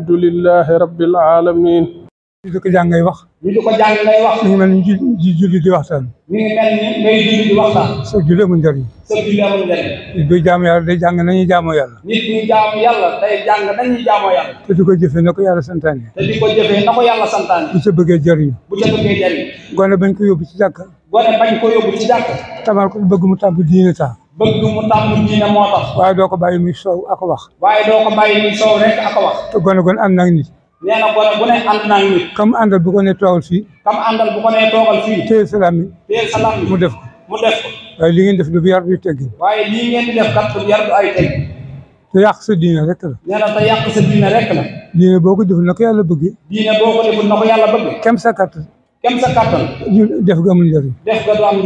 alhamdulillahi rabbil alamin ñu di ko jàng ngay wax ñu di ko jàng ngay wax mi ngi mel ni julli di waxtaan mi ngi mel ni ngay julli di waxtaan sa julli amul njëriñ sa julli amul njëriñ nit buy jaamu yàlla day jàng nañuy jaamoo yàlla nit buy jaamu yàlla day jàng nañuy jaamoo yàlla te di ko jëfee na ko yàlla santaane te di ko jëfee na ko yàlla santaane bu ca bëggee jëriñ bu ca bëggee jëriñ gone bañ ko yóbbu ci jàkk gone bañ ko yóbbu ci jàkk tamal ko bëgg mu tàmb diine tax bëgg mu tàmm diine moo waaye doo ko bàyyi muy soow ak wax. waaye ko bàyyi muy soow rek ak wax. te gone gone am na nit. nee na gone bu ne ànd naa kam àndal bu ko nee toogal fii. kam àndal bu ko nee toogal fii. téye salaam mi. mu def ko. mu def ko. waaye li ngeen def du yar du teggin. waaye lii ngeen di def te yàq sa diine rek la. te yàq sa diine rek la. diine boo ko deful na ko yàlla bëggee. diine boo ko deful yàlla bëggee. kem sa kattan. kem sa kattan. def nga amul njëriñ. def nga du am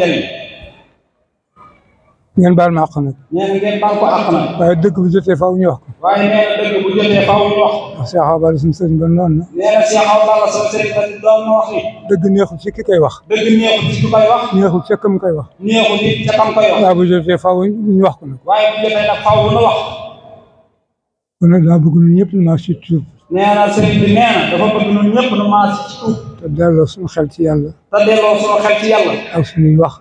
ngeen baal ma àq nag. nee na ngeen baal ko àq nag. waaye dëgg bu jotee faaw ñu wax ko. waaye nee na dëgg bu jotee faaw ñu wax ko. waaw Cheikh Awa Balla suñu sëriñ ba noonu la. nee na Cheikh Awa Balla suñu sëriñ ba doon na wax ni. dëgg neexul ci ki koy wax. dëgg neexul ci ki koy wax. neexul ca kam koy wax. neexul ci ca kam koy wax. waaw bu jotee faaw ñu wax ko nag. waaye bu jotee nag faaw na wax. kon nag daa bëgg ñun ñëpp ñu maa si tuub. nee na sëriñ bi nee na dafa bëgg ñun ñëpp ñu maa si tuub. te delloo suñu xel ci yàlla. te delloo suñu xel ci yàlla. ak suñuy wax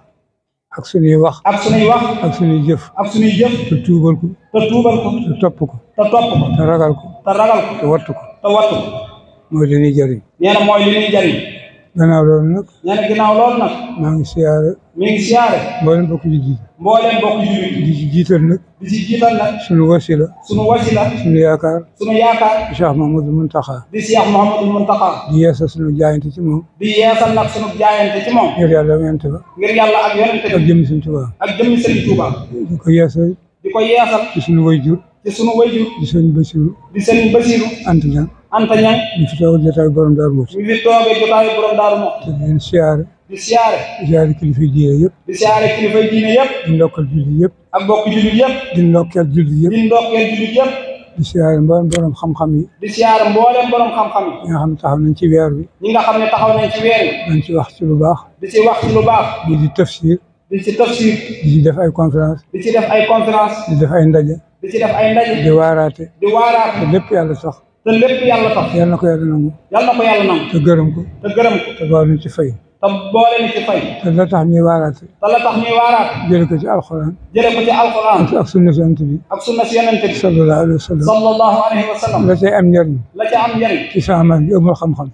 ak suñuy wax. ak suñuy wax. ak suñuy jëf. ak suñuy jëf. te tuubal ko. te tuubal ko. te topp ko. te topp ko. te ragal ko. ta ragal ko. te wattu ko. te wattu ko. mooy li ñuy jëriñ. gannaaw loolu nag. nee na gannaaw loolu nag. maa ngi siyaare. mi ngi siyaare. mboolem bokk ji ji. mboolem bokk ji ji. di ci jiital nag. di ci jiital nag. sunu wasila. sunu wasila. sunu yaakaar. sunu yaakaar. di Cheikh Mouhamadou Mountakha. di Cheikh Mouhamadou Mountakha. di yeesal sunu jaayante ci moom. di yeesal nag sunu jaayante ci moom. ngir yàlla ak yonente ba. ngir yàlla ak yonente ba. ak jëmmi sëñ Tuubaa. ak jëmmi sëñ Tuubaa. di ko yeesal. di ko yeesal. ci sunu wayjur. ci sunu wayjur. di sëñ Basiru. di sëñ Basiru. Anta Ñaŋ. Anta Ñang ñu fi toog jotaay borom daaru Muxti ñu fi toog jotaay borom daaru Muxti di leen siyaare di siyaare di siyaare kilifa diine yëpp di siyaare kilifa diine yëpp di ndokkal jullit yëpp ak mbokk jullit yëpp di ndokkeel jullit yëpp di ndokkeel jullit yëpp di siyaare mboolem borom xam-xam yi di siyaare mboolem borom xam-xam yi ñi nga xam ne taxaw nañ ci weer bi ñi nga xam ne taxaw nañ ci weer bi dañ ci wax ci lu baax di ci wax ci lu baax di ci tafsir di ci tafsir di ci def ay conférence di ci def ay conférence di def ay ndaje di ci def ay ndaje di waaraate di waaraate lépp yàlla sax te lépp yàlla tax. yàlla na ko yàlla nangu. yàlla na ko yàlla nangu. te gërëm ko. te gërëm ko. te boole ñu ci fay. te boole ñu ci fay. te la tax ñuy waaraate. te la tax ñuy waaraate. jëlee ko ci alxuraan. jëlee ko ci alxuraan. ak sunna si yonent bi. ak sunna si yonent bi. sallallahu alayhi wa sallam. sallallahu alayhi wa sallam. la cay am njëriñ. la cay am njëriñ. ci sama maas gi amul xam-xam.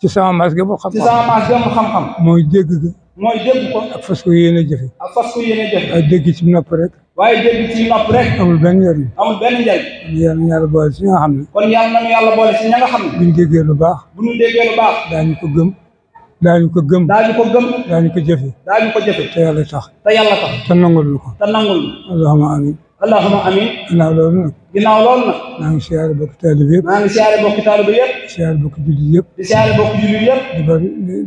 ci sama maas gi amul xam-xam. ci sama maas gi amul xam-xam. mooy dégg ga. mooy dégg ko. ak fas ko yéene jëfe. ak fas ko yéene jëfe. ak dégg ci nopp rek. waaye dégg ci nopp rek. amul benn njariñ. amul benn njariñ. yal na yàlla boole si ña nga xam ne. kon yal na yàlla boole si ña nga xam ne. bu ñu déggee lu baax. bu ñu déggee lu baax. daañu ko gëm. daañu ko gëm. daañu ko gëm. daañu ko jëfe. daañu ko jëfe. te yàlla tax. te yàlla tax. te nangul ko. te nangul. allahumma amin. allahuma amin ginnaaw loolu nag ginnaaw loolu nag maa ngi siyaare bokk taalibe yëpp maa ngi siyaare bokk taalibe yëpp siyaare bokk jullit yëpp di siyaare bokk jullit yëpp di ba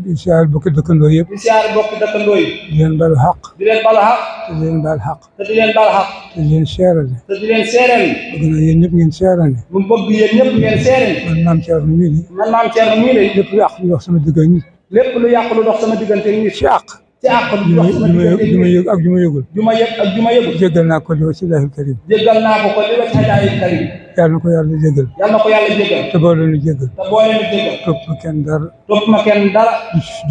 di siyaare bokk dëkkandoo yëpp di siyaare bokk dëkkandoo yi di leen balu xaq di leen balu xaq te di leen baal xaq te di leen baal xaq te di leen seerale te di leen seerale bëgg naa yéen ñëpp ngeen seerale mu bëgg yéen ñëpp ngeen seerale man maam Thierno mii man maam Thierno mii lépp lu yàq lu dox sama diggante lépp lu yàq lu dox sama diggante nit si àq ci àqam ju ma yëg ak ju ma yëgul ju ma yëg ak ju ma yëgul jéggal naa ko li wa silaahil karim jéggal naa ko ko li wa silaahil karim yàlla na ko yàlla jéggal yàlla na ko yàlla jéggal te boole nu jéggal te boole nu jéggal topp ma kenn dara topp ma kenn dara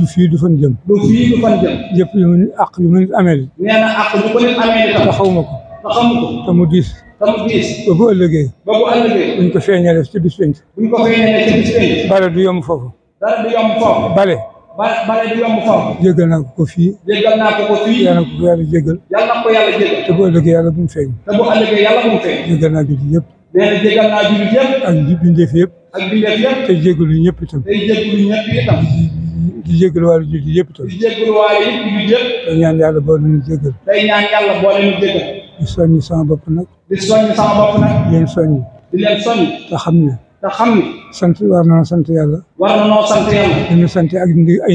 du fii du fan jëm du fii du fan jëm yëpp yu mu àq yu mu nit amee li nee na àq yu ko nit amee li tax xaw ma ko taxaw ma ko te mu diis te mu diis ba bu ëllëgee ba bu ëllëgee buñ ko feeñalee ci bis penc buñ ko feeñalee ci bis penc bale du yomb foofu bale du yomb foofu bale ba bare bi yomb faw jéggal naa ko ko fii jéggal naa ko ko fii yàlla ko yàlla jéggal yàlla na ko yàlla jéggal te bu ëllëgee yàlla bu mu feeñ te bu ëllëgee yàlla bu mu feeñ jéggal naa jullit yëpp nee na jéggal naa jullit yëpp ak bindeef yëpp ak bindeef yëpp te jéggalu ñëpp itam te jéggalu ñëpp itam di jéggalu waale jullit yëpp itam di jéggalu waale yëpp jullit yëpp tey ñaan yàlla boole ñu jéggal tey ñaan yàlla boole ñu jéggal di soññ sama bopp nag di soññ sama bopp nag di leen soññ di leen soññ te xam ne te xam ni. sant war na sant yàlla. war na ñu sant ak ay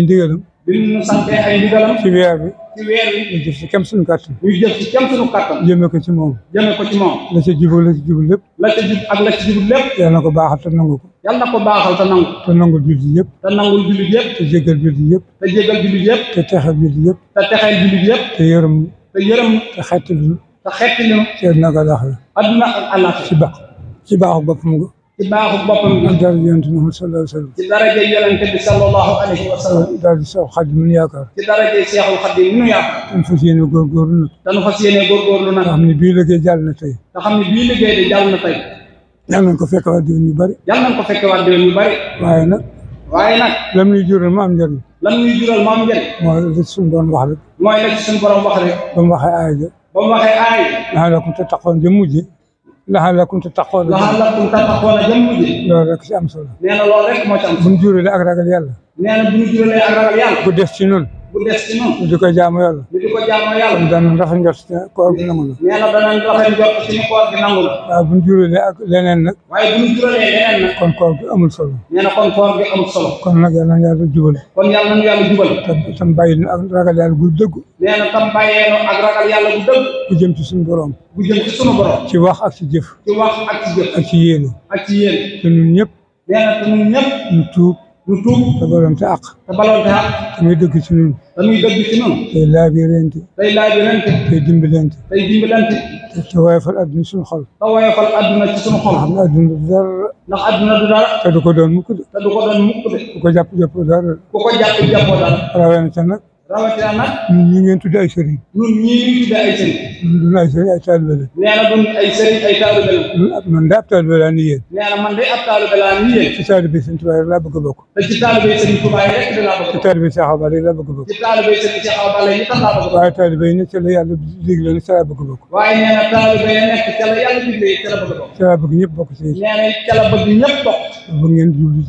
ndigalam. bi ñu ay ndigalam. ci weer bi. ci weer bi. ñu jëf ci kem suñu kàttan. ñu jëf ci kem suñu kàttan. jëme ko ci moom. jëme ko ci moom. la ca jubal la ca jubal lépp. la ak la ca jubal lépp. yal na ko baaxal te nangu ko. yal na ko baaxal te nangu. te nangul jullit yëpp. te nangul jullit yëpp. te jégal jullit yëpp. te jégal jullit yëpp. te texal jullit yëpp. te texal jullit yëpp. te yërëm. te yërëm. te xettali. te xettali. ci àdduna ak àllaaxira. àdduna ci baax ci baaxu boppam ci baaxu boppam bi. daraja yonent bi sallallahu alayhi wa sallam. ci daraja yonent bi sallallahu alayhi wa sallam. daraja Seexul Xadiim mi nu yaakaar. ci daraja Seexul Xadiim mi nu yaakaar. dañu fas yéene góorgóorlu nag. dañu fas yéene góorgóorlu nag. nga xam ne bii liggéey jàll na tey. nga xam ne bii liggéey de jàll na tey. yal nañu ko fekkewaat déwén yu bari. yal nañu ko fekkewaat déwén yu bari. waaye nag. waaye nag. lam ñuy jural ma am njëriñ. lam ñuy jural ma am njëriñ. mooy li suñu borom wax rek. mooy li suñu borom wax rek. ba mu waxee aay ja. ba mu waxee aay. laxalakum tattaqoon. laxalakum tattaqoon a jëm ji. loolu rek ci am solo. nee na loolu rek moo ci am solo. bu ñu jurelee ak ragal yàlla. nee na bu ñu jurelee ak ragal yàlla. bu des ci noonu. bu des ci ñun. ñu di ko jaamu yàlla. ñu di ko jaamu yàlla. kon danañ rafet njort ci koor gi nangu la. nee na danañ rafet njort ci koor gi nangu la. waaw bu ñu juralee ak leneen nag. waaye bu ñu juralee leneen nag. kon koor gi amul solo. nee na kon koor gi amul solo. kon nag yàlla na yàlla jubal. kon yàlla na yàlla jubal. tam tam bàyyi nu ak ragal yàlla gu dëgg. nee na tam bàyyee nu ak ragal yàlla gu dëgg. bu jëm ci suñu borom. bu jëm ci suñu borom. ci wax ak ci jëf. ci wax ak ci jëf. ak ci yéene. ak ci yéene. te ñun ñëpp. nee na te ñun ñëpp. ñu tuub ñu tuub te balonte àq te balonte àq te muy dëgg ci ñun te muy dëgg ci ñun tey laabirante tey laabirante tey dimbalante tey dimbalante te woyofal adduna ci suñu xol te woyofal adduna ci suñu xol xam ne adduna du dara ndax adduna du dara te du ko doon mukk de te du jàpp jàppoo dara nag rawatina nag. ñun ñii ngeen tuddee ay sëriñ. ñun ñii ñu tuddee ay sëriñ. ñun du ñu ay sëriñ ay taalibe la. nee na du ay sëriñ ay taalibe la. man de ab taalibe laa ni yéen. nee na man de ab taalibe laa ni yéen. ci taalibe Sëriñ Tuubaa rek laa bëgg a bokk. te ci taalibe Sëriñ Tuubaa rek laa bëgg a bokk. ci taalibe Cheikh Awa Balla laa bëgg a bokk. ci taalibe Sëriñ Cheikh Awa Balla yi tam laa bëgg a bokk. waaye taalibe yi nag ca la yàlla digle nag ca laa bëgg a bokk. waaye nee na taalibe yi nekk ca la yàlla digle ca la bëgg a bokk. ca laa bëgg ñëpp bokk ci. nee na ca la bëgg ñëpp bokk. bëgg ngeen jublu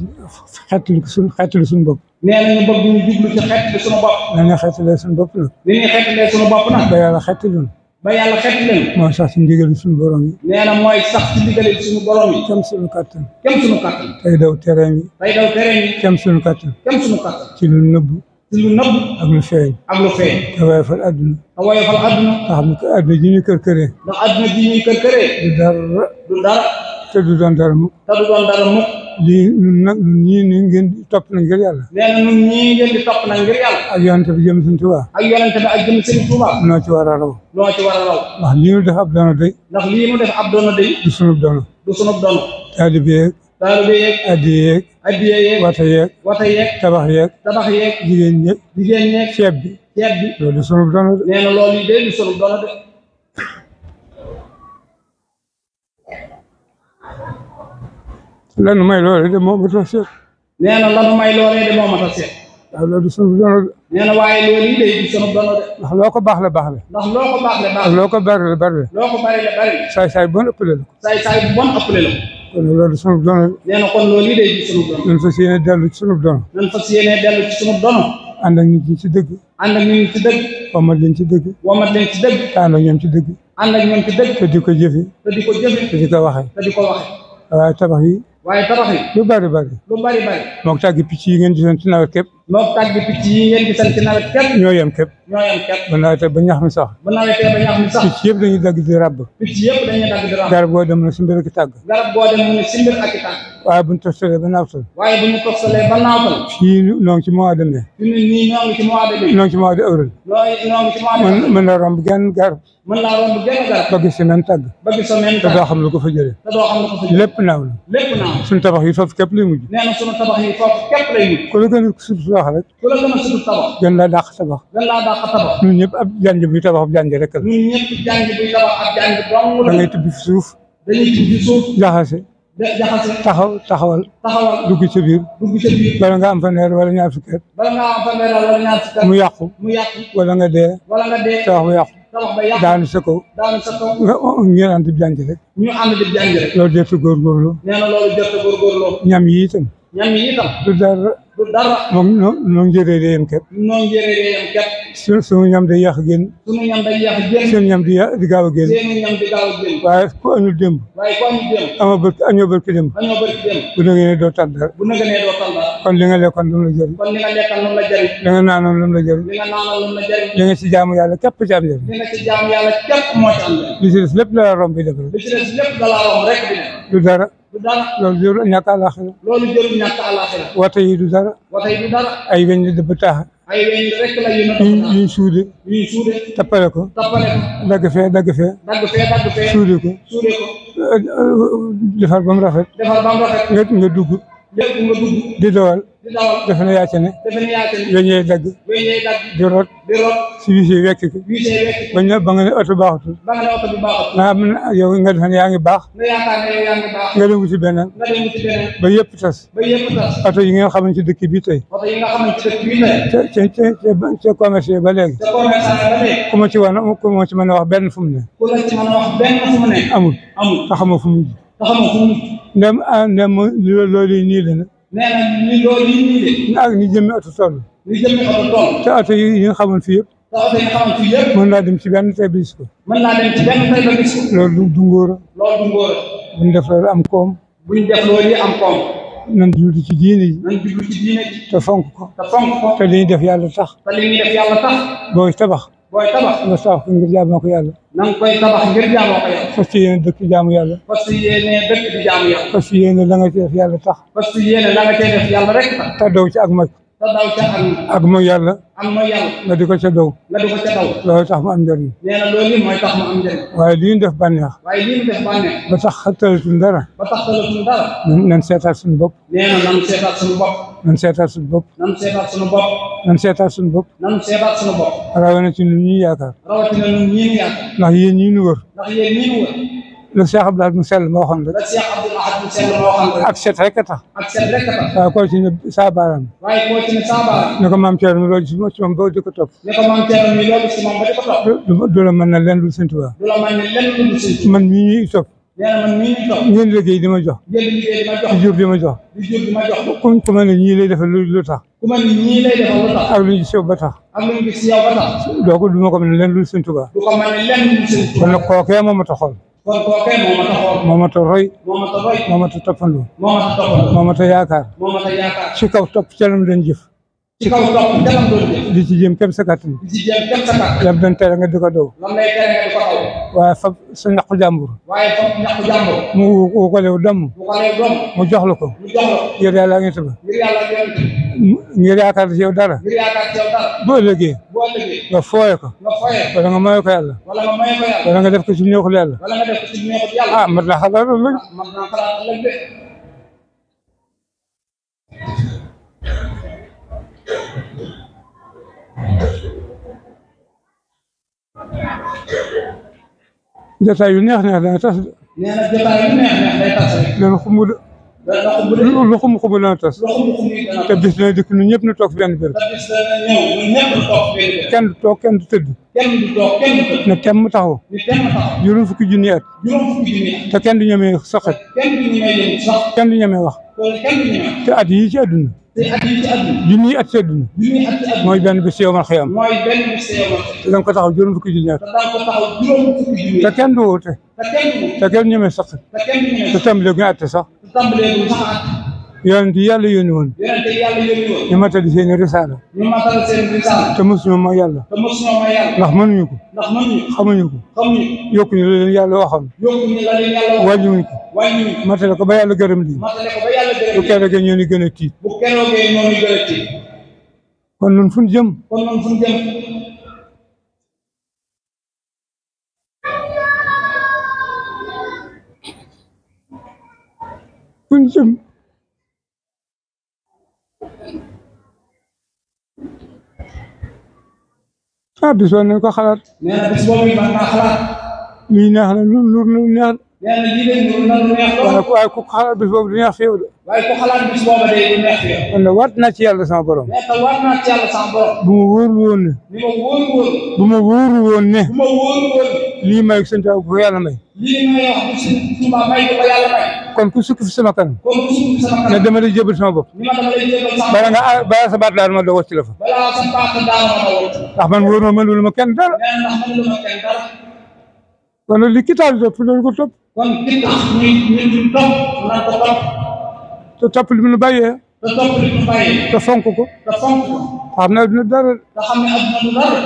xettali suñu xettali suñu bopp nee na ñu bëgg ñu jublu ci xettali sunu bopp. nee na xettalee sunu bopp nag. li ñuy xettalee sunu bopp nag. ba yàlla xettaloon. ba yàlla xettaleen. mooy sax ci ndigal sunu borom yi. nee na mooy sax ci ndigal sunu borom yi. kem sunu kattan. kem sunu kattan. tey daw terrain yi. tey daw terrain yi. kem sunu kattan. kem sunu kattan. ci lu nëbbu. ci lu nëbbu. ak lu feeñ. ak lu feeñ. te woyofal àdduna. te woyofal àdduna. nga xam ne que àdduna ji ñuy kër këree. ndax àdduna ji ñuy kër këree. du dara. du dara. te du doon dara mukk. te du doon dara mukk. lii ñun nag ñun topp na ngir yàlla nee na ñun na ak yonente bi jëm suñ Tuubaa ak yonente bi ak noo ci war a raw noo ci war a raw ndax lii nu day ndax lii def ab doona day du sunub doona du sunub doona taalibe yeeg taalibe yeeg addiye yeeg addiye yeeg wata yeeg wata bi ceeb bi loolu du sunub doona da lan may loolee de moo mat a seet. nee na lan may loolee de moo mat a seet. waaw loolu sunu dono de. nee na waaye loolu yi day sunu dono de. ndax loo ko baax la baax la. ndax loo ko baax la baax la. loo ko bari la bari la. loo ko bari la bari la. saay saay bu bon ëppale la ko. saay saay bu bon ëppale la ko. kon loolu sunu dono de. nee na kon loolu yi day sunu dono. nañ fas yéene dellu ci sunu dono. nañ fas yéene dellu ci sunu dono. ànd ak nit ñi ci dëgg. ànd ak nit ñi ci dëgg. wamat leen ci dëgg. wamat leen ci dëgg. ànd ak ñoom ci dëgg. ànd ak ñoom ci dëgg. te di ko jëfe. te di ko jëfe. te di ko waxe. te di ko waxe. waaye tabax yi. waaye tabax lu bari bari. lu bari bari. moog tàggi picc yi ngeen gisoon ci nawe képp. moog tàggi picc yi ñoo yem képp. ñoo yem képp. ba nawetee ba ñax mi sax. ba nawetee sax. picc yëpp da dagg di ràbb. picc yëpp dañuy dagg di ràbb. garab boo dem na si mbir ak tàgg. garab boo dem na si mbir ak waaye bu ñu toftalee ba naaw tool. waaye bu ñu toftalee ba naaw tool. fii ñoo ngi ci mois de mai. fii nii ñoo ngi ci mois de mai. ñoo ngi ci mois de avril. ñoo ngi ci mois de avril. mën mën na romb genn garab. mën naa romb genn garab. ba gis semaine tàgg. ba gis semaine tàgg te doo xam lu ko fa jëlee. te doo xam lu ko fa jëlee lépp naaw la. lépp naaw suñu tabax yi foofu képp lay mujj. nee na suñu tabax yi foofu képp lay mujj. ku la gën a suuf tabax rek. ku la gën a suuf tabax. gën laa dàq tabax. gën laa dàq tabax. ñun ñëpp ab janj buy tabax ab janj rek la. ñun ñëpp janj buy tabax ab janj dong la. da ngay tibbi suuf. dañuy tibbi suuf jaxase jaxase taxaw taxawal. taxawal dugg ci biir. dugg ci biir bala nga am bala nga am mu yàqu. mu yàqu wala nga dee. wala nga dee daanu sa kaw. daanu sa kaw nga oh, ñu ñu a góorgóorlu. nee na loolu jot a góorgóorlu. ñam yi itam. ñam yi itam. du dara. su suñu ñam day yàq génn. suñu ñam day yàq génn. seen ñam a génn. seen a génn. waaye bu nga nee doo tal dara. bu nga kon li nga lekkoon la jëriñ. kon li nga la jëriñ. li nga naanoon la jëriñ. li nga naanoon la jëriñ. li nga ci jaamu yàlla képp ci am jëriñ. li nga ci du dara. du dara loolu di dëbb ay weñ rek la tappale ko tappale ko dagg fee dagg fee dagg fee ko suude ko eh, eh, defar ba nga dugg lépp nga dugg di dawal di dawal defe naa yaa di rot si wii see wekk ba nga ne oto baaxutul nga am na yow nga defe ne yaa ngi baax nga dem wuti beneen ba yëpp tas oto yi nga xamante dëkk bi tey ce ce ba léegi ku ci wan ku ma ci mën a wax benn fu ne amul te xamoo fu mu ba xam suñu. ndem loolu nii la nag. nee na ni loolu nii la. ni jëmmi ni jëmmi oto toll. te yi ñu xamoon fii yëpp. yi ñu xamoon fii yëpp. mën naa dem ci benn tey ba gis ko. loolu du ngóor a. loolu du ngóor a. def loolu am koom. bu ñu def loolu am ci diine ji. nan jublu ci ko. te fonk def yàlla tax. booy tabax. booy tabax na sax ko ngir jaamoo ko yàlla na nga koy tabax ngir jaamoo ko yàlla fas yéene dëkk jaamu yàlla fas yéene dëkk di jaamu yàlla fas yéene la nga cee def yàlla tax fas yéene la nga cee def yàlla rek tax te daw ci ak mag te daw ci ak ak mooy yàlla ak mooy yàlla nga di ko ca daw nga di ko ca daw loolu tax mu am njëriñ nee na loolu mooy tax mu am njëriñ waaye li ñu def bànneex waaye li ñu def bànneex ba tax xatalatuñ dara ba tax xatalatuñ dara nañ seetaat suñu bopp nee na nañ seetaat suñu bopp nan seetaat suñu bopp. nan seetaat suñu bopp. nan seetaat suñu bopp. nan seetaat suñu bopp. rawatina ci ñun ñii yaakaar. rawatina ñun ñii yaakaar. ndax yéen ñii ñu wër. ndax yéen ñii ñu wër. la Cheikh Abdoul Ahad mu sell moo xam rek. la Cheikh Abdoul Ahad mu sell moo xam rek. ak set rek a tax. ak set rek a tax. waaye koo ci ne saa baaraam. waaye koo ci ne saa baaraam. ne ko maam Thierno mi loolu ci moom ba di ko topp. ne ko maam Thierno mi loolu ci moom ba di ko topp. du la mën na lenn lu Sëñ Tuubaa. du la mën na lenn lu Sëñ Tuubaa. man mii ñuy topp. nee na man mii di toog ngeen liggéey di ma jox. ngeen liggéey di ma jox di jur di ma jox. di jur di ma jox. ku ku ma ne ñii lay defal lu tax. ku ma ne ñii lay defal lu tax. ak lu ñu si yow ba tax. ak lu ñu si yow ba tax. donc du ma ko mën leen lu Sëñ Tuubaa. du ko mën leen lu Sëñ Tuubaa. kon nag kookee moo ma taxoon. kon kookee moo ma taxoon. moo ma ta roy. moo ma ta roy. moo ma ta toppandoo. moo ma ta toppandoo. moo ma ta yaakaar. moo ma ta yaakaar. ci kaw topp ca la mu doon jëf. ci kaw topp ca la mu doon jëf. di ci jéem kéem sa kàttan. di ci jéem kéem sa kàttan. lam doon tere nga di ko daw. lam lay tere nga di ko daw. waaye fa sa ñaqu jàmbur. waaye fa ñaqu jàmbur. mu wu ko lew domm. wu ko lew domm. mu jox la ko. mu jox la ko ngir yàlla ngir tëba. ngir yàlla ngir yaakaar ci yow dara. ngir yaakaar ci yow dara. boo ëllëgee. boo ëllëgee. nga fooye ko. nga fooye ko wala nga maye ko yàlla. wala nga maye ko yàlla. wala nga def ko ci ñeexul yàlla. wala nga def ko ci ñeexul yàlla. ah mat naa xalaat loolu. Ah, mat naa xalaat loolu de. jotaay yu neex neex dana tas. nee na jotaay yu neex neex day na xumb lu xumb dana tas. te bis dikk ñun ñëpp ñu toog fi benn kenn du toog kenn du tëdd. ne kenn mu taxaw. juróom fukki junni at. te kenn du ñemee saxat. kenn du ñemee wax. te at yii junniy at ci àdduna mooy benn bis yow ma xiyam te da nga ko taxaw juróom fukki junni at te kenn du wuute te kenn ñemee sax te tàmbalee gu ñu àtte sax yonent yàlla yónni woon yonent yàlla yónni woon ñu seen risaala ñu matal ma yàlla te ma yàlla ndax mënuñu ko ndax mënuñu xamuñu ko xamuñu yokkuñu la leen yàlla waxoon yokkuñu la leen yàlla ba yàlla gërëm lii matale bu keroogee ñoo ñu gën a tiit bu keroogee jëm kon jëm ah bis boobu nañ ko xalaat. nee na bis boobu it naa xalaat. lii neex na lu lu lu neex. nee na lii de lu na lu neex la. waaye ku xalaat bis boobu du neex fi yow de. waaye ku xalaat bis boobu de du neex fi yow. kon nag waat naa ci yàlla sama borom. nee na waat naa ci yàlla sama borom. bu ma wóorul woon ne. ni ma wóorul woon. bu ma wóorul woon ne. bu ma wóorul woon. lii may sant bu ko yàlla may. lii may wax bu si tuuba may bu ko yàlla may. kon ku sukk fi sama kan ne dama lay jébal sama bopp bala nga bala sa baat daal ma doog a ci la fa ndax man wóor na ma mënul ma kenn dara kon li ki taal topp loolu ko topp kon ki tax ñu ñu topp na ko topp te topp li mu nu bàyyee te topp li mu bàyyee te fonk ko te fonk ko xam ne adduna dara te xam ne adduna du dara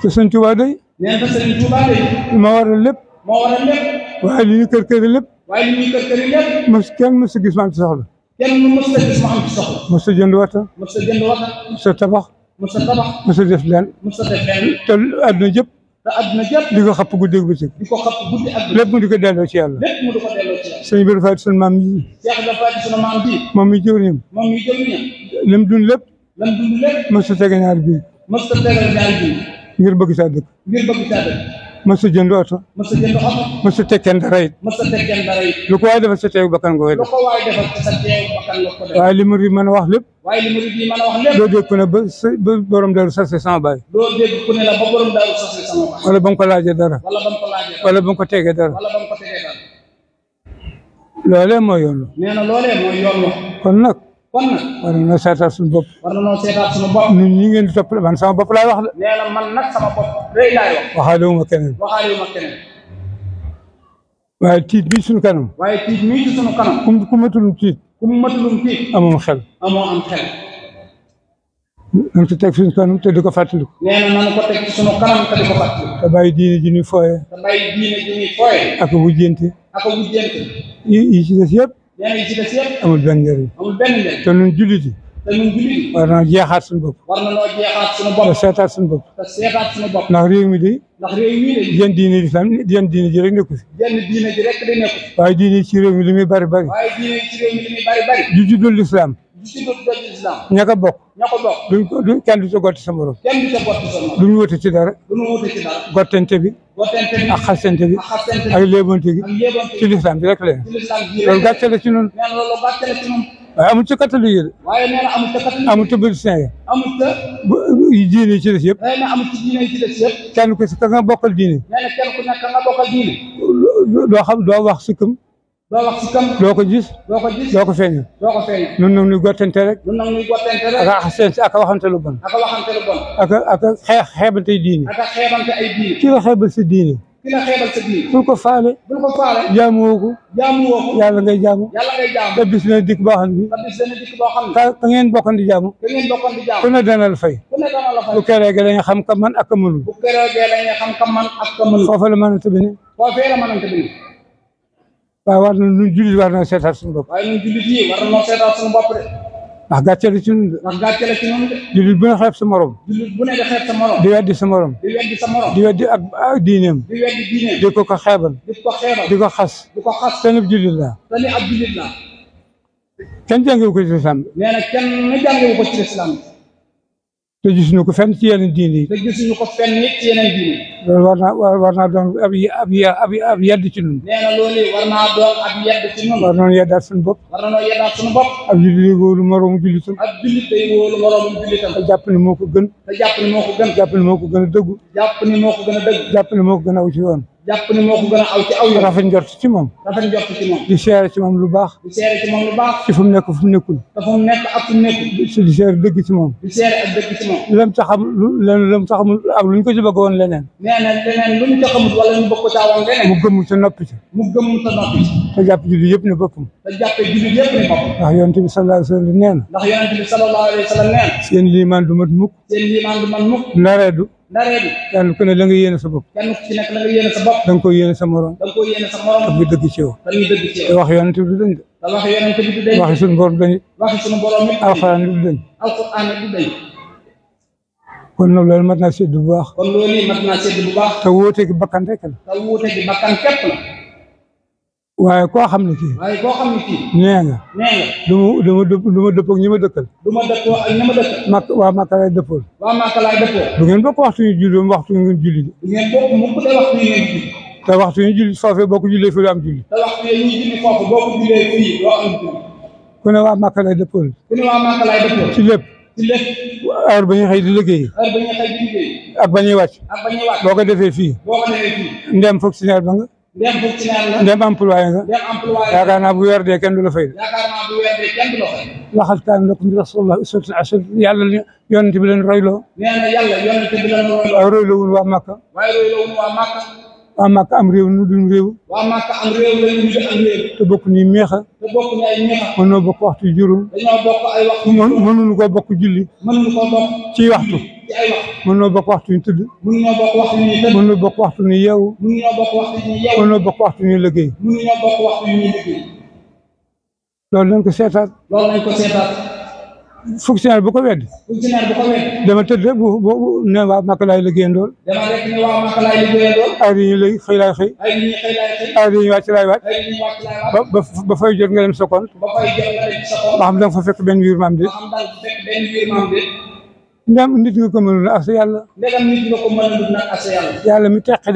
te sëñ Tuubaa day nee na sëñ Tuubaa day moo waral lépp moo waral lépp waaye li ñuy kër kër yi lépp. waaye li ñuy kër kër yi lépp. mos kenn mos a gis ma am ci soxla. kenn mos a gis ma am ci soxla. mos a jënd wata. mos a jënd wata. mos a tabax. mos a tabax. mos a def lenn. mos a def lenn. te àdduna jëpp. te àdduna jëpp. di ko xapp guddi ak bëccëg. di ko xapp guddi ak bëccëg. lépp mu di ko delloo ci yàlla. lépp mu di ko delloo ci yàlla. sëñ bi dafa sunu maam yi. Cheikh dafa sunu maam bi. moom mi jëwriñam. moom mi jëwriñam. lim dund lépp. lim dund lépp. mos a tege ñaar bi. mos a tege ñaar bi. ngir bëgg saa dëkk. ngir bëgg saa dëkk. mësu jënd oto mësu jënd oto mësu tekkeen dara it mësu tekkeen dara it lu ko waay defal sa teew bakkan nga koy def lu ko waay defal sa teew bakkan nga ko def waaye li murid mën a wax lépp waaye li murid mën a wax lépp doo dégg ku ne ba ba borom daru sase sama baay doo dégg ku ne la ba borom daru sase sama baay wala ba nga ko laajee dara wala ba nga ko laajee dara wala ba nga ko tegee dara wala ba nga ko tegee dara loolee mooy yoon nee na loolee mooy yoon kon nag kon nag war nañoo seetaat suñu bopp war nañoo seetaat suñu bopp ñun ñi ngeen di topp man sama bopp laay wax de nee na man nag sama bopp rëy laay wax waxaalewuma keneen waxaalewuma keneen waaye tiit bii suñu kanam waaye tiit mii ci suñu kanam kum ku matulum tiit ku matulum tiit amoo xel amoo am xel nañ ko teg suñu kanam te di ko fàttaliku nee na nañ ko teg ci suñu kanam te di ko fàttaliku te bàyyi diine ji ñuy fooye te bàyyi diine ji ñuy fooye ak wujjante ak wujjante yi ci des yëpp nee na yi ci des yëpp amul benn njëriñ amul benn njëriñ te ñun julliti te ñun jullit yi war na jeexaat suñu bopp war na noo jeexaat bopp te seetaat suñu bopp te seetaat réew mi lislaam jën diine ji rek nekku fi jën diine di nekku waaye diine ci réew mi bari bari waaye diine ci réew mi li muy bari bari ju juddul lislaam ju juddul lislaam ña ko bokk gotti sa morom kenn du ca gotti sa morom duñu wute ci dara duñu bi ak xasante bi ak léebante ci lislaam bi leen loolu gàcce la ci noonu waaye ci ca catholique yi ca catholique yi amul ca ci des yëpp. nee na amul ci diine yi ci si ka bokkal diine. nee na kenn ku nekk ka nga bokkal diine. doo xam doo wax sikkam. doo wax sikkam. ko gis. doo ko doo ko feeñal. doo ko feeñal. ñun a waxante lu bon. ak a ay diine. ak a xeebante ki la xeebal sa biir. bul ko faale. bul ko faale. jaamu woo ko. jaamu jaamu. yàlla ngay ne. te bis dana dikk boo xam ne. ka ka ngeen bokkoon di jaamu. ka ngeen bokkoon di jaamu. fay. ku keree gi dañuy xam ka man ak ka mënul. bu keree gi dañuy xam ka man ak ka mënul. foofa la mënante war nu jullit war na seetaat suñu nu bopp ndax gàcceel ci ñun de. ndax gàcceel ci ñun de. jullit bu ne xeeb sa morom. jullit bu ne nga xeeb sa morom. di weddi sa morom. di weddi sa morom. di weddi ak ak diineem. di weddi diineem. di ko ko xeebal. di ko xeebal. di ko xas. di ko xas. te ni jullit laa. te ni ab jullit laa. kenn jàngewu ko ci islam. nee na kenn jàngewu ko ci islam. te gisuñu ko fenn ci yeneen diine yi. ko fenn nit ci yeneen war naa war naa doon ab ab ab ab yedd ci ñun. nee na loolu war naa doon ab yedd ci ñun. war nañoo yeddaat suñu bopp. war moroomu jullitam. ab jullit day jàpp ne moo ko gën. te jàpp ne moo gën. jàpp ne moo ko gën a dëggu. jàpp ne moo gën a dëggu. jàpp moo ko gën aw ci yoon. jàpp ne moo ko gën a aw ci aw yoon. rafet njort ci moom. rafet njort ci moom. di seere ci moom lu baax. di seere ci moom lu baax. ci fu mu nekk fu mu nekkul. te fu mu nekk ak fu mu nekkul. di seere dëgg ci moom. di seere ak dëgg ci moom. lam ca xam lu lam ca xamul ak lu ñu ko ci bëgg woon leneen. nee na leneen lu ñu ca xamul wala ñu bëgg ko caa woon leneen. mu gëmm sa noppi ci. mu gëmm sa noppi ci. te jàpp jullit yëpp ne boppam. te jàpp jullit yëpp ne boppam. ndax yonent bi sallallahu alayhi wa sallam nee na. ndax yonent bi sallallahu alayhi wa sallam nee na. seen liimaan du mat mukk. seen liimaan du mat mukk. nareedu ndare bi kenn ku ne la nga yéene sa bopp kenn ku ci nekk da nga koy yéene sa morom da dëgg ci yow muy dëgg wax yonent bi du dañ da wax yonent bi du dañ wax suñu borom dañ wax suñu borom mi alxuraan du dañ kon nag mat naa sédd bu baax kon loolu mat naa sédd bu baax te wóote gi bakkan waaye koo xam ne kii. waaye koo xam ne kii. nee nga. nee nga. du ma du ma du ma dëppoo ak ñi ma dëkkal. du ma dëppoo ak ñi ma dëkkal. mak waa Maka laay dëppoo. waa Maka laay dëppoo. du ngeen bokk waxtu ñu julli moom waxtu ñu julli. du ngeen bokk mu ko waxtu ñu ngeen julli. te waxtu ñu julli foofee boo ko jullee fii lu am julli. te waxtu yi ñuy julli foofu boo ko jullee fii loo am julli. ku ne waa Maka laay dëppoo. ku ne waa Maka laay dëppoo. ci lépp. ci lépp. heure ba ñuy xëy di liggéey. heure ba ñuy xëy di liggéey. ak ba ñuy wàcc. ak ba ñuy wàcc. boo ko defee fii. boo ko defee fii. ndem fonctionnaire ba nga. dem fonctionnaire la dem employé nga dem employé yaakaar naa bu weer dee kenn du la fay yaakaar naa la fay laxal kaan lakum bi rasulullah uswatun hasan yàlla yonent bi leen royloo nee na réew nu duñ réew waa Màkka am réew ni meex a te waxtu juróom dañoo bokk ay julli ci waxtu mën noo bokk waxtu ñu tudd. mën noo bokk waxtu ñu tëdd. mën noo bokk waxtu ñu yeewu. mën noo bokk waxtu ñu yeewu. mën noo bokk waxtu ñu liggéey. mën noo bokk waxtu ñu liggéey. loolu nañ ko seetaat. loolu nañ ko seetaat. fonctionnaire bu ko wedd. fonctionnaire bu ko wedd. dama tëdd bu bu ne waa Màkka laay liggéeyandool. dama rek ne waa Màkka laay liggéeyandool. ay di ñu lay xëy laay xëy. ay di ñu xëy laay xëy. ay di ñu wàcc laay wàcc. ay di ñu wàcc laay wàcc. ba ba fay jot nga dem sa compte. ba fay jot nga dem sa compte. ba xam da nga fa fekk benn wiir maam de. ba xam da nga fa fekk benn wiir maam de. ndam nit nga ko mënul asa yàlla. ndegam nit nga ko mënul na asa yàlla. yàlla mi teqale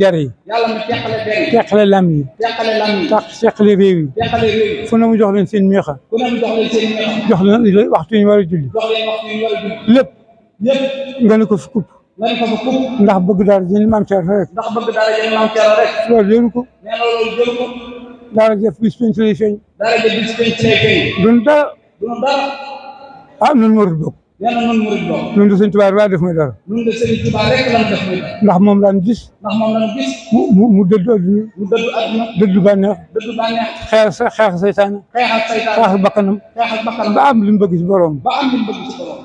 der yi. yàlla mi teqale der yi. teqale lam yi. teqale lam yi. tax teqale réew yi. teqale réew yi. fu na mu jox leen seen meexa. fu na mu jox leen seen meexa. jox leen waxtu ñu war a julli. jox leen waxtu ñu war a julli. lépp. lépp nga ne ko fi kupp. nga ne ko fi kupp. ndax bëgg daal di jënd maam Thierno rek. ndax bëgg daal di jënd maam Thierno rek. loolu jëru ko. nee na loolu jëru ko. daara jëf bis penc lay feeñ. daara jëf bis penc lay feeñ. duñ dara. duñ dara. ah noonu warul bokk nee na nun murid doom nun de sëñ Tuubaa rek def muy dara nun de sëñ Tuubaa rek lan def muy dara ndax moom daan gis ndax moom daan gis mu mu dëddu adduna mu dëddu adduna dëddu bànneex dëddu bànneex xeex sa xeex saytaane xeex ak saytaane xeex ak bakkanam xeex ak bakkanam ba am li mu bëgg ci borom ba am li mu bëgg ci borom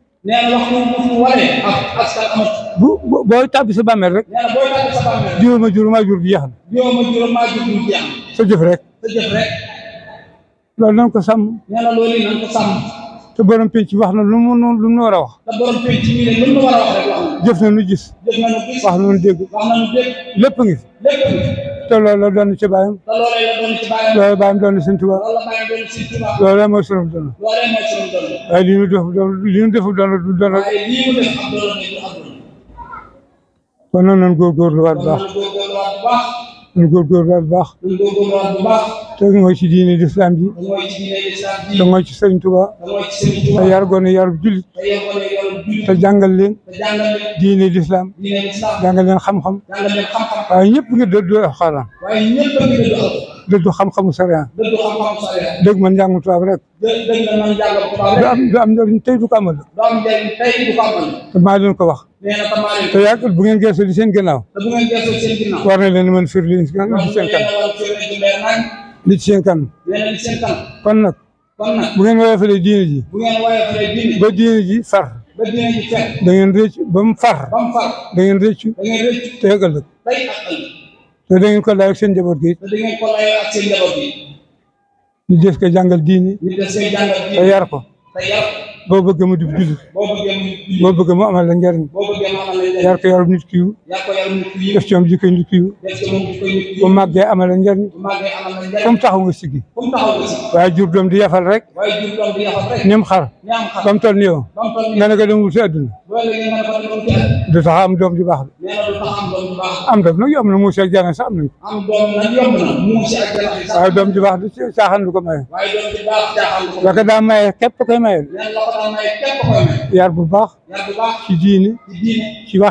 nee na sa amat. bu booy tàbbi sa bàmmeel rek. nee na jur gi jeex na. jur gi jeex sa jëf rek. sa na loolu nañ ko sàmm. te borom penc wax na lu mu lu a wax. te borom lu mu war na. nu gis. wax na nu dégg. wax ngi te loolu la doon ci bàyyam. te loolu la doon ci bàyyam. loolu bàyyam doon na Sëñ Tuubaa. loolu la bàyyam doon na Sëñ Tuubaa. loolu la mooy sunu doon. loolu la mooy sunu doon. waaye li ñu def doon li ñu def doon du doon. waaye li ñu def am doon nañu am doon. kon nag nañ góorgóorluwaat bu baax. nañ góorgóorluwaat bu baax. nañ góorgóorluwaat bu baax. nañ góorgóorluwaat bu baax. te mooy ci diine lislaam ji ci sëriñ Tuubaa te yar gone yarub jullit te jàngal leen diine lislaam jàngal leen xam-xam waaye ñëpp nga dëddu alxuraan dëddu xam-xamu sariyaan dëgg man njàngu tubaab rek du am du am njëriñ tey du ko amal te maa leen ko wax te yàgg bu ngeen geesoo di seen war na leen mën firli di seen li ci seen kanam. li ci nag. bu ngeen diine ji. bu ngeen woyofalee diine ji. ba diine ji far. ba diine ji far. da ngeen rëcc ba mu far. da ngeen rëcc. ko laaj ak seen njaboot gi. te da ngeen ko laaj ak seen ko jàngal diine. ñu boo bëgg mu di jullit. boo bëgg mu amal la njariñ. yar ko yarub nit ki yiw def ci moom jikkoy nit ki yiw bu màggee amal la njariñ mu taxaw nga siggi waaye jur doom di yafal rek ni mu xar ba mu toll ni nga ne ko dem wut si àdduna am doom ju baax de am doom nag yomb na muus ak jana sax am doom ju baax de caaxaan du ko maye la ko yar bu ci diini ci wax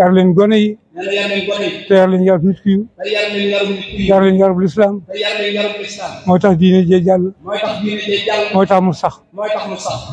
yar leen gone yi te yar leen yarub nit ki yar leen yarub lislaam moo tax diine jee jàll moo tax mu sax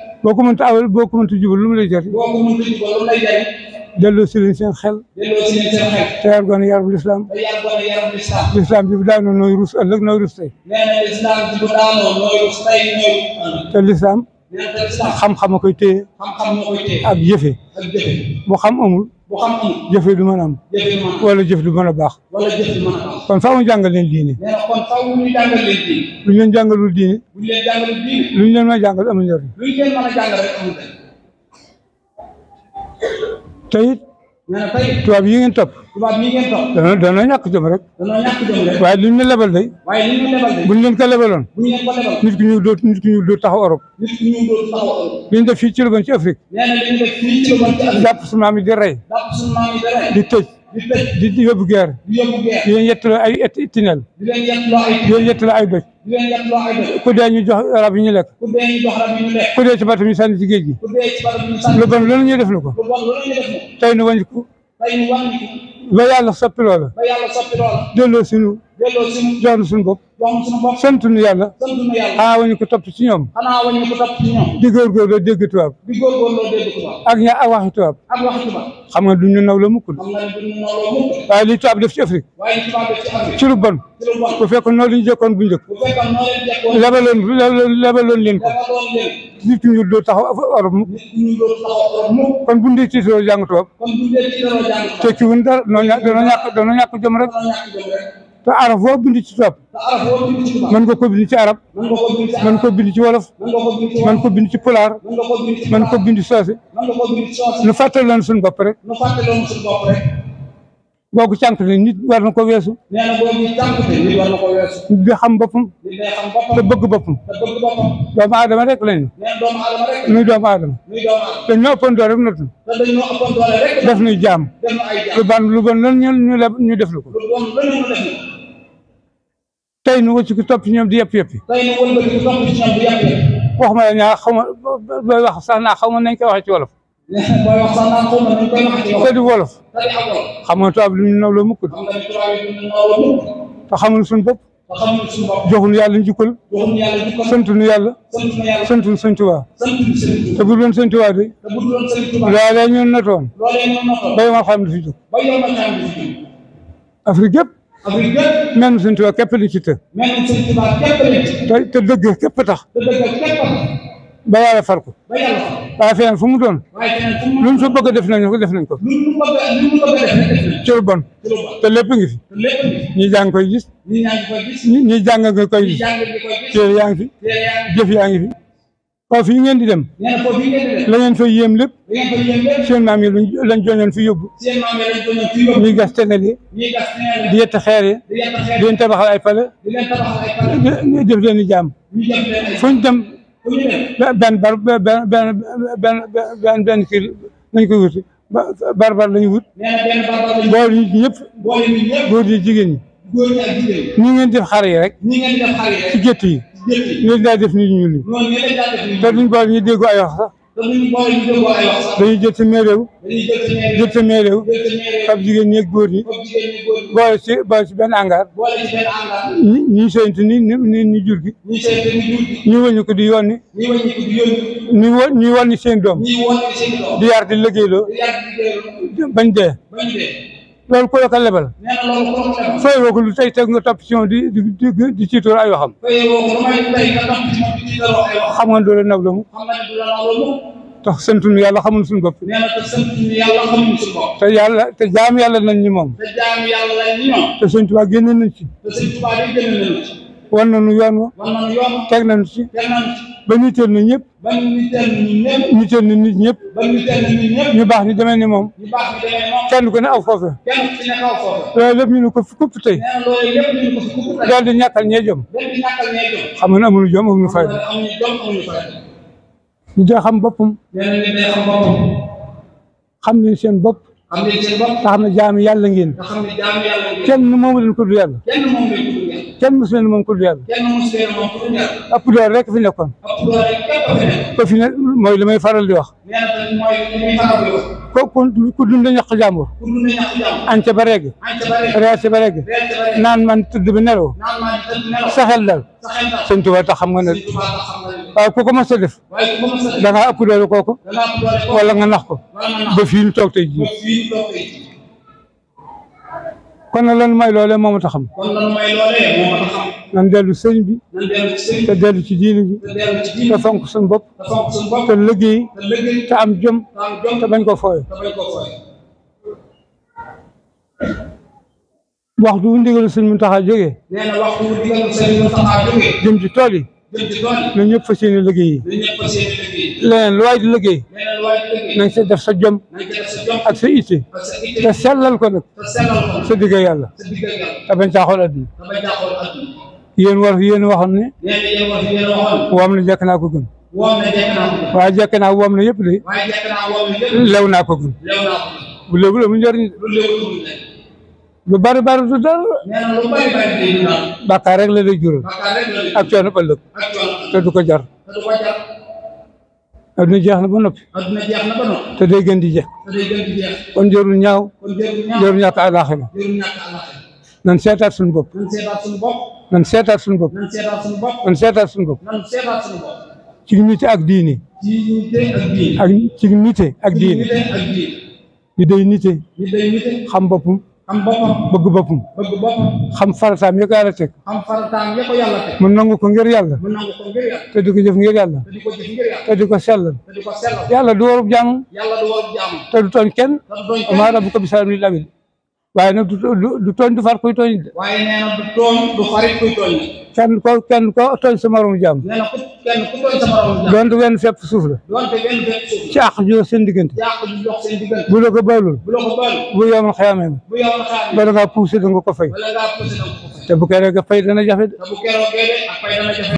boo ko mënta awal boo ko mënta jubal lu si leen xel. delloo si leen seen xel. te yar goone yar bu lislaam. te yar goone yar bu lislaam. lislaam bi bu ndax xam-xam a koy téye ak jëfe bu xam amul jëfe du mën a am wala jëf du mën a baax kon faaw ñu jàngal leen diine lu ñu leen jàngalul diine lu jàngal amul njëriñ te it nee na tey tubaab yi ngeen topp tubaab yi ngeen topp dana dana ñàkk jëm rek dana ñàkk jëm rek waaye liñ ñu lebal day waaye liñ ñu lebal day buñ leen ko lebaloon buñ leen ko lebal nit ku ñuul dootu nit ku ñuul dootu taxaw Europe nit ku ñuul dootu taxaw Europe liñ def fii ci Liban ci Afrique nee na liñ def fii ci Liban ci Afrique jàpp suñu maam yi di rey jàpp suñu maam yi di rey di tëj di di yóbbu guerre. di yóbbu guerre di leen yettaloo ay tunnel. di leen yettaloo ay di leen yettaloo ay doj. di leen yettaloo ay doj. ku dee ñu jox rab yi ñu lekk. ku dee ñu jox rab yi ñu lekk. ku dee ci batam ñu sànni ci géej gi. ku dee ci batam ñu sànni lu bon loolu ñu def lu ko. lu bon loolu ñu def lu ko. tey nu wàññi ko. tey nu wàññi ko. ba yàlla soppi loola. ba yàlla soppi loola. delloo suñu. delloo suñu yoonu bopp sant nu yàlla xanaa wañu ko topp ci ñoom di góorgóorloo dégg tubaab ak ña a waxi tubaab xam nga duñu naw la mukk waaye li tubaab def ci Afrique ci lu bon bu fekkoon noonu lañu jëkkoon bu njëkk lebaloon lebaloon leen ko nit ki ñu doo taxaw Europe mukk kon bu ndee tiitaroo jàng tubaab tekkiwun dara doona ñàkk doona ñàkk te arab foo bind ci tubaab mën nga ko bind ci arab mën ko bind ci wolof mën ko bind ci pulaar mën ko bind ci soose nu fàttali loon suñu bopp rek googu cànk ne nit war xam boppam te bëgg boppam doomu aadama rek lañu nuy doomu aadama te ñoo ëppoon doole rek natun def nuy jaam lu ban lu bon lan ñu def lu ko tey nu wëcc ku topp ñoom di yëpp yëpp. tey nu wëcc xaw ma booy wax xaw ma nañ koy waxee ci wolof. booy wax ci wolof. te xam nga tubaab lu ñu la mukk. te xamul suñu bopp. te xamul suñu bopp. joxuñu yàlla njukkal. joxuñu yàlla njukkal. santuñu yàlla. santuñu yàlla santuñu sëñ Tuubaa. santuñu sëñ Tuubaa. te bu doon sëñ Tuubaa de. te bu doon fi jóg. béy ma ak lu jot. mel na Sëñ Tuubaa képp li dëgg képp tax. te dëgg ba yàlla far ko. ba yàlla fu mu doon. waaye mu doon lu def nañ ko def nañ ko. def nañ ko ko. ci lu bon. ci lu bon te lépp ngi fi. ñi jàng koy gis. ñi jàng koy gis. ñi yaa ngi fi. téere jëf yaa ngi fi. waaw fii ngeen di dem la ngeen fay yéem lépp seen maam yi lañ joñoon fi yóbbu ñuy gas tenel yi di yett xeer yi di leen tabaxal ay pale def leen di jaam fuñ dem benn bar benn benn benn benn kii nañ koy wuti barbar lañu wut boole ñu ñëpp góor ñi jigéen ñi ñi ngeen def xar yi rek ci gétt yi ñooñu daa def ni ñu ñuul ñi. te duñ boole ñu déggoo ay wax sax. dañuy jël ci mee réew jël jigéen ñi góor ñi ba ci boole ci benn angaar ñu seentu ni ni ni jur gi ñu wëñu ko di yónni ñu w ñu wàññi seen doom di yar di liggéeyloo bañ dee loolu ku a ko lebal fay lu tey teg nga topp di di di ciitóor ay waxam xam nga doole nag la mu tax santuñu yàlla xamul suñu bopp te yàlla te jaam yàlla nañ ñi moom te jaam yàlla nañ ñi moom te sëñ Tuubaa ci wan nañu yoon wa teg nañu ci ba niteel na ñëpp niteel na nit ñëpp ñu baax ñu demee ni moom kenn ku ne aw foofu loolu lépp ñu ne ko fi kupp tey di ñàkkal ñee jom xam nga amul jom amul fayda ñu dee xam boppam xam ne seen bopp te xam ne jaamu yàlla ngeen kenn moomu leen ko du yàlla kenn mosu leen ku dul yàlla. ku dul yàlla. fi nekkoon. ëpp fi nekk. li may faral di wax. nee na mooy li may faral ku dund ñaq jàmbur. ku dund ñaq jàmbur. añ ca naan man tëdd bi nelaw. naan dal. saxel tax xam nga ne. sëñ Tuubaa tax xam nga ko mos a ku ko mos a nga nax ko. ba fii toog tey jii. kon na lan may loolee moo ma taxam. kon lan may loolee moo ma taxam. nan dellu sëñ bi. nan dellu sëñ bi te dellu ci diini bi. te dellu ci diini bi te fonk suñu bopp. te fonk suñu bopp te liggéey. te liggéey te am jom. te am jom te bañ koo fooyee. te bañ koo fooyee. waxtu wu ndigalu sëñ Muntaxa jógee. nee na waxtu wu ndigalu sëñ Muntaxa jógee. jëm ci tool yi. ñun ñëpp fas yéene liggéey lu waay di liggéey nañ sa def sa jom ak sa itte te ko nag sa digg yàlla te bañ caa xool adduna yéen war yéen waxoon ne waam na jekk naa ko gën waaye jekk naa woom na yëpp de naa ko lu bari bari du dara. lu bari du la lay jural. ak coono ëllëg. te du ko jar. te jeex na ba noppi. adduna day gën di jeex. te day gën di jeex. kon jarul ñaaw. kon jarul ñaaw jarul nan seetaat suñu bopp. nan seetaat suñu bopp. nan seetaat suñu bopp. nan seetaat suñu ak diini. ci nite ak diini. ak day nite. ñu day am boppam bëgg boppam bëgg boppam xam farataam ya ko yàlla teg ko yàlla teg mu nangu ko ngir yàlla mu nangu ko ngir yàlla te di ko jëf ngir du warub jaamu yàlla du warub jaamu te du tooñ kenn maa rabbuka bi zaalimi lil abiid waaye nag du tooñ du far kuy tooñ waaye nee na du tooñ du farit kuy kenn ko kenn ko tooñ sa moromu jàmm. nee na ku kenn ku tooñ sa moromu jàmm. donte wenn fépp suuf la. donte wenn fépp suuf la. ci àq ju dox seen diggante. ci àq ju dox seen diggante. bu la ko baalul. bu la ko baalul. bu yawmal xiyaamee. bu yawmal xiyaamee. bala ngaa poussé da nga ko fay. bala ngaa poussé da nga ko fay. te bu keroog fay dana jafe. te bu keroog fay dana jafe.